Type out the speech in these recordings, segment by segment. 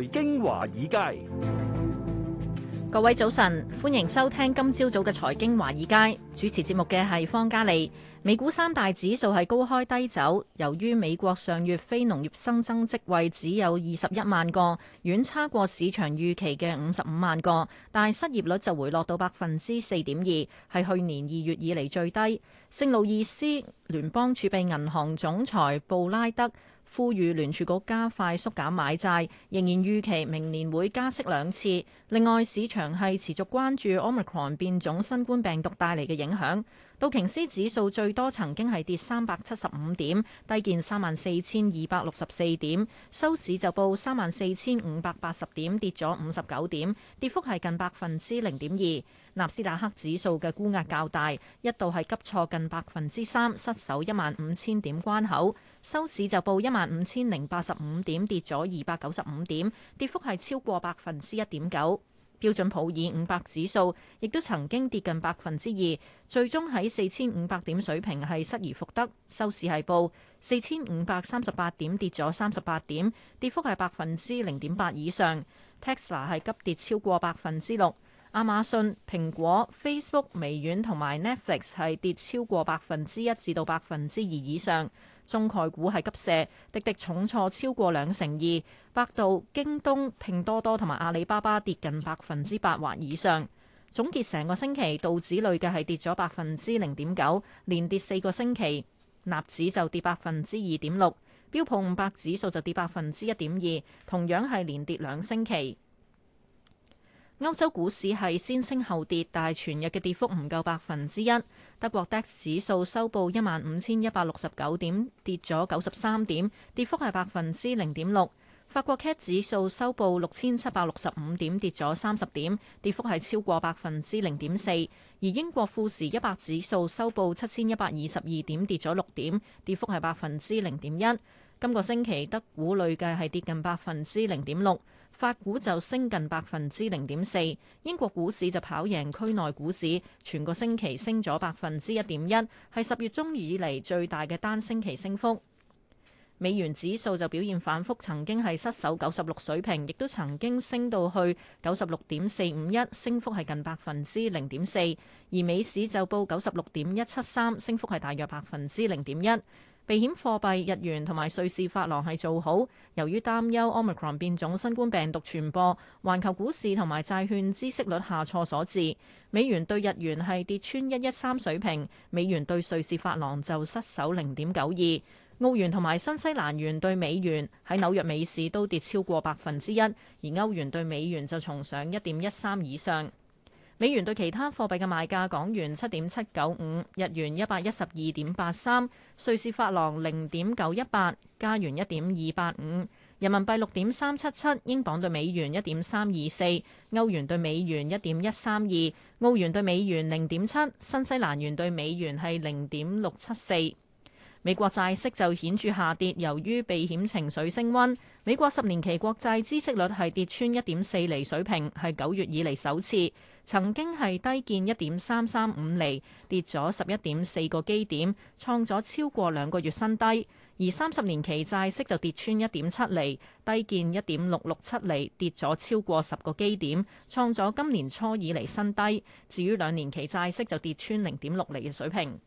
財經華爾街，各位早晨，歡迎收聽今朝早嘅財經華爾街。主持節目嘅係方嘉利。美股三大指數係高開低走，由於美國上月非農業新增職位只有二十一萬個，遠差過市場預期嘅五十五萬個，但係失業率就回落到百分之四點二，係去年二月以嚟最低。聖路易斯聯邦儲備銀行總裁布拉德。呼籲聯儲局加快縮減買債，仍然預期明年會加息兩次。另外，市場係持續關注奧密克戎變種新冠病毒帶嚟嘅影響。道瓊斯指數最多曾經係跌三百七十五點，低見三萬四千二百六十四點，收市就報三萬四千五百八十點，跌咗五十九點，跌幅係近百分之零點二。納斯達克指數嘅沽壓較大，一度係急挫近百分之三，失守一萬五千點關口。收市就報一萬五千零八十五點，跌咗二百九十五點，跌幅係超過百分之一點九。標準普爾五百指數亦都曾經跌近百分之二，最終喺四千五百點水平係失而復得，收市係報四千五百三十八點，跌咗三十八點，跌幅係百分之零點八以上。Tesla 係急跌超過百分之六，亞馬遜、蘋果、Facebook、微軟同埋 Netflix 係跌超過百分之一至到百分之二以上。中概股係急瀉，滴滴重挫超過兩成二，百度、京東、拼多多同埋阿里巴巴跌近百分之八或以上。總結成個星期，道指累計係跌咗百分之零點九，連跌四個星期；納指就跌百分之二點六，標普五百指數就跌百分之一點二，同樣係連跌兩星期。歐洲股市係先升後跌，但係全日嘅跌幅唔夠百分之一。德國 DAX 指數收報一萬五千一百六十九點，跌咗九十三點，跌幅係百分之零點六。法國 CAC 指數收報六千七百六十五點，跌咗三十點，跌幅係超過百分之零點四。而英國富時一百指數收報七千一百二十二點，跌咗六點，跌幅係百分之零點一。今個星期德股累計係跌近百分之零點六。法股就升近百分之零點四，英國股市就跑贏區內股市，全個星期升咗百分之一點一，係十月中以嚟最大嘅單星期升幅。美元指數就表現反覆，曾經係失守九十六水平，亦都曾經升到去九十六點四五一，升幅係近百分之零點四。而美市就報九十六點一七三，升幅係大約百分之零點一。避險貨幣日元同埋瑞士法郎係做好，由於擔憂 Omicron 變種新冠病毒傳播，環球股市同埋債券孳息率下挫所致。美元對日元係跌穿一一三水平，美元對瑞士法郎就失守零點九二。澳元同埋新西蘭元對美元喺紐約美市都跌超過百分之一，而歐元對美元就重上一點一三以上。美元對其他貨幣嘅賣價：港元七點七九五，日元一百一十二點八三，瑞士法郎零點九一八，加元一點二八五，人民幣六點三七七，英鎊對美元一點三二四，歐元對美元一點一三二，澳元對美元零點七，新西蘭元對美元係零點六七四。美國債息就顯著下跌，由於避險情緒升溫。美國十年期國債孳息率係跌穿一點四厘水平，係九月以嚟首次。曾經係低見一點三三五厘，跌咗十一點四個基點，創咗超過兩個月新低。而三十年期債息就跌穿一點七厘，低見一點六六七厘，跌咗超過十個基點，創咗今年初以嚟新低。至於兩年期債息就跌穿零點六厘嘅水平。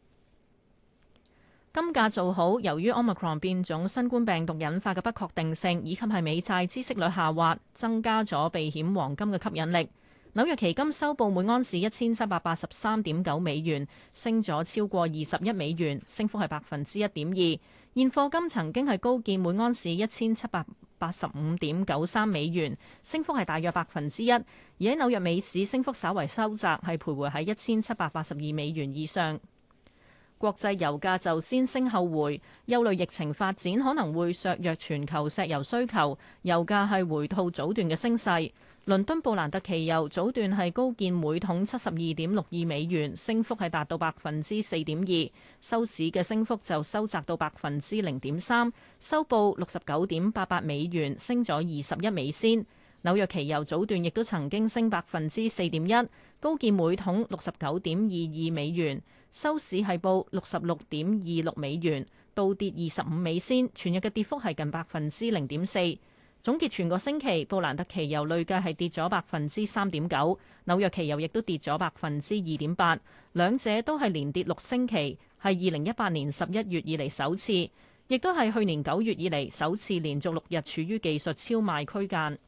金價做好，由於 Omicron 變種新冠病毒引發嘅不確定性，以及係美債孳息率下滑，增加咗避險黃金嘅吸引力。紐約期金收報每安士一千七百八十三點九美元，升咗超過二十一美元，升幅係百分之一點二。現貨金曾經係高見每安士一千七百八十五點九三美元，升幅係大約百分之一。而喺紐約美市升幅稍為收窄，係徘徊喺一千七百八十二美元以上。國際油價就先升後回，憂慮疫情發展可能會削弱全球石油需求，油價係回吐早段嘅升勢。倫敦布蘭特期油早段係高見每桶七十二點六二美元，升幅係達到百分之四點二，收市嘅升幅就收窄到百分之零點三，收報六十九點八八美元，升咗二十一美仙。紐約期油早段亦都曾經升百分之四點一，高見每桶六十九點二二美元，收市係報六十六點二六美元，倒跌二十五美仙，全日嘅跌幅係近百分之零點四。總結全個星期，布蘭特期油累計係跌咗百分之三點九，紐約期油亦都跌咗百分之二點八，兩者都係連跌六星期，係二零一八年十一月以嚟首次，亦都係去年九月以嚟首次連續六日處於技術超賣區間。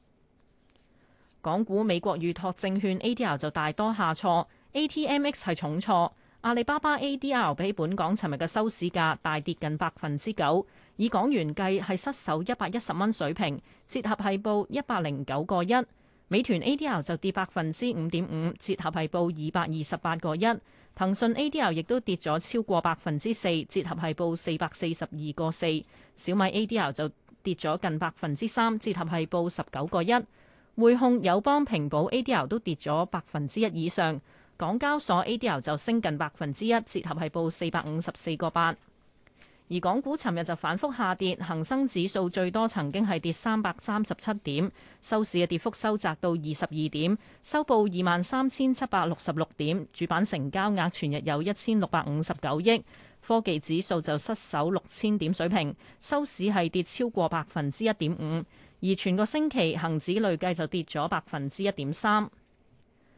港股、美國預託證券 ADR 就大多下挫，ATMX 係重挫。阿里巴巴 ADR 比本港尋日嘅收市價大跌近百分之九，以港元計係失守一百一十蚊水平，折合係報一百零九個一。美團 ADR 就跌百分之五點五，折合係報二百二十八個一。騰訊 ADR 亦都跌咗超過百分之四，折合係報四百四十二個四。小米 ADR 就跌咗近百分之三，折合係報十九個一。匯控、友邦、平保 ADR 都跌咗百分之一以上，港交所 ADR 就升近百分之一，折合係報四百五十四個八。而港股尋日就反覆下跌，恒生指數最多曾經係跌三百三十七點，收市嘅跌幅收窄到二十二點，收報二萬三千七百六十六點。主板成交額全日有一千六百五十九億。科技指數就失守六千點水平，收市係跌超過百分之一點五。而全個星期恒指累計就跌咗百分之一點三。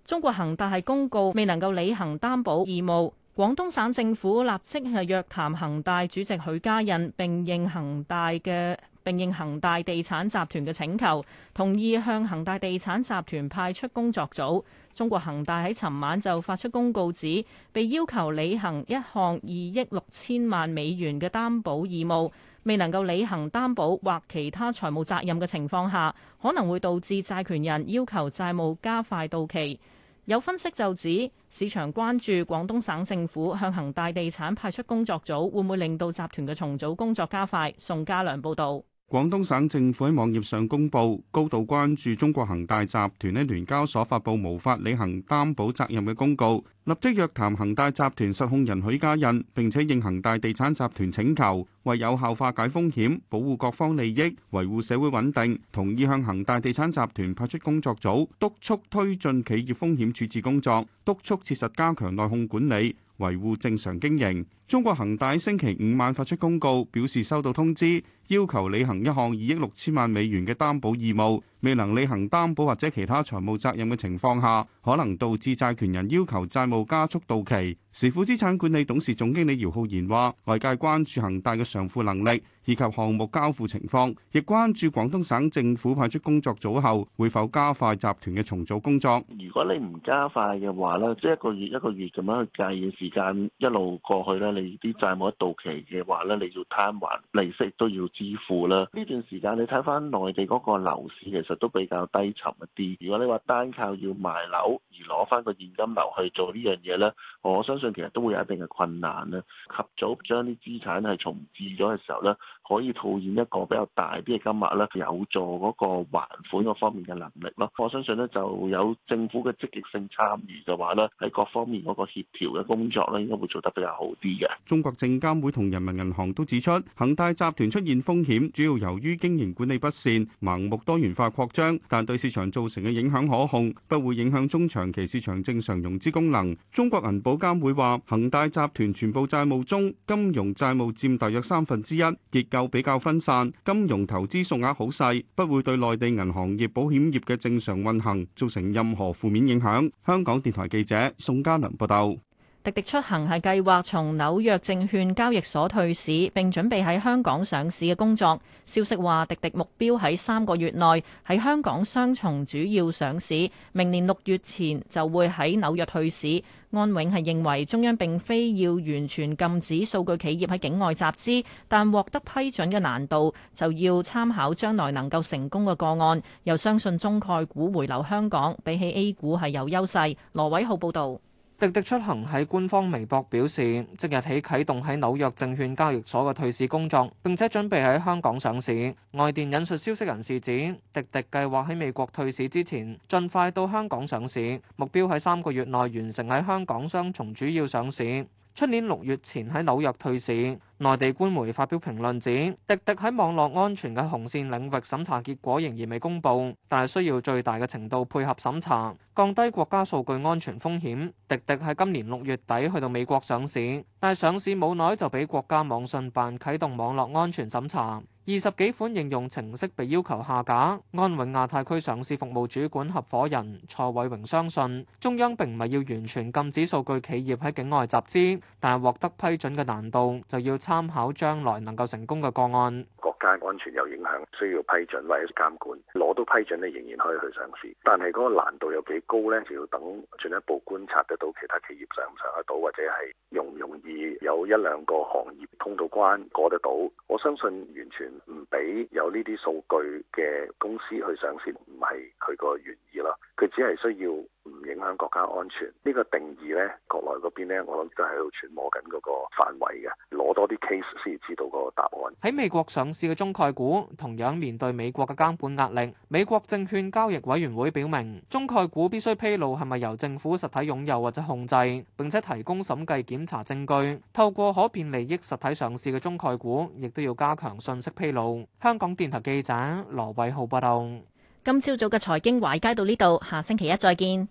中國恒大係公告未能夠履行擔保義務，廣東省政府立即係約談恒大主席許家印並，並應恒大嘅並應恒大地產集團嘅請求，同意向恒大地產集團派出工作組。中國恒大喺尋晚就發出公告指，被要求履行一項二億六千萬美元嘅擔保義務。未能夠履行擔保或其他財務責任嘅情況下，可能會導致債權人要求債務加快到期。有分析就指，市場關注廣東省政府向恒大地產派出工作組，會唔會令到集團嘅重組工作加快。宋家良報導。廣東省政府喺網頁上公布，高度關注中國恒大集團喺聯交所發佈無法履行擔保責任嘅公告，立即約談恒大集團實控人許家印，並且應恒大地產集團請求，為有效化解風險、保護各方利益、維護社會穩定，同意向恒大地產集團派出工作組，督促推進企業風險處置工作，督促切實加強內控管理，維護正常經營。中國恒大星期五晚發出公告，表示收到通知。要求履行一項二億六千萬美元嘅擔保義務，未能履行擔保或者其他財務責任嘅情況下，可能導致債權人要求債務加速到期。時富資產管理董事總經理姚浩然話：外界關注恒大嘅償付能力以及項目交付情況，亦關注廣東省政府派出工作組後會否加快集團嘅重組工作。如果你唔加快嘅話咧，即係一個月一個月咁樣去計嘅時間一路過去咧，你啲債務一到期嘅話咧，你要攤還利息都要。支付啦，呢段時間你睇翻內地嗰個樓市其實都比較低沉一啲。如果你話單靠要賣樓而攞翻個現金流去做呢樣嘢咧，我相信其實都會有一定嘅困難啦。及早將啲資產係重置咗嘅時候咧。可以套現一個比較大啲嘅金額咧，有助嗰個還款嗰方面嘅能力咯。我相信咧，就有政府嘅積極性參與嘅話咧，喺各方面嗰個協調嘅工作咧，應該會做得比較好啲嘅。中國證監會同人民銀行都指出，恒大集團出現風險，主要由於經營管理不善、盲目多元化擴張，但對市場造成嘅影響可控，不會影響中長期市場正常融資功能。中國銀保監會話，恒大集團全部債務中，金融債務佔大約三分之一，結又比較分散，金融投資數額好細，不會對內地銀行業、保險業嘅正常運行造成任何負面影響。香港電台記者宋嘉良報道。滴滴出行係計劃從紐約證券交易所退市，並準備喺香港上市嘅工作。消息話滴滴目標喺三個月內喺香港雙重主要上市，明年六月前就會喺紐約退市。安永係認為中央並非要完全禁止數據企業喺境外集資，但獲得批准嘅難度就要參考將來能夠成功嘅個案。又相信中概股回流香港，比起 A 股係有優勢，羅偉浩報道。滴滴出行喺官方微博表示，即日起啟動喺紐約證券交易所嘅退市工作，並且準備喺香港上市。外電引述消息人士指，滴滴計劃喺美國退市之前，盡快到香港上市，目標喺三個月內完成喺香港雙重主要上市。出年六月前喺紐約退市，內地官媒發表評論指，滴滴喺網絡安全嘅紅線領域審查結果仍然未公佈，但係需要最大嘅程度配合審查，降低國家數據安全風險。滴滴喺今年六月底去到美國上市，但係上市冇耐就俾國家網信辦啟動網絡安全審查。二十幾款應用程式被要求下架。安永亞太區上市服務主管合夥人蔡偉榮相信，中央並唔係要完全禁止數據企業喺境外集資，但係獲得批准嘅難度就要參考將來能夠成功嘅個案。加安全有影響，需要批准或者監管。攞到批准你仍然可以去上市，但係嗰個難度有幾高呢？就要等進一步觀察得到其他企業上唔上得到，或者係容唔容易有一兩個行業通道關過得到。我相信完全唔俾有呢啲數據嘅公司去上市，唔係佢個原意啦，佢只係需要。影響國家安全呢個定義呢，國內嗰邊呢，我諗都係喺度揣摩緊嗰個範圍嘅。攞多啲 case 先知道個答案。喺美國上市嘅中概股同樣面對美國嘅監管壓力。美國證券交易委員會表明，中概股必須披露係咪由政府實體擁有或者控制，並且提供審計檢查證據。透過可變利益實體上市嘅中概股，亦都要加強信息披露。香港電台記者羅偉浩報道。今朝早嘅財經華爾街到呢度，下星期一再見。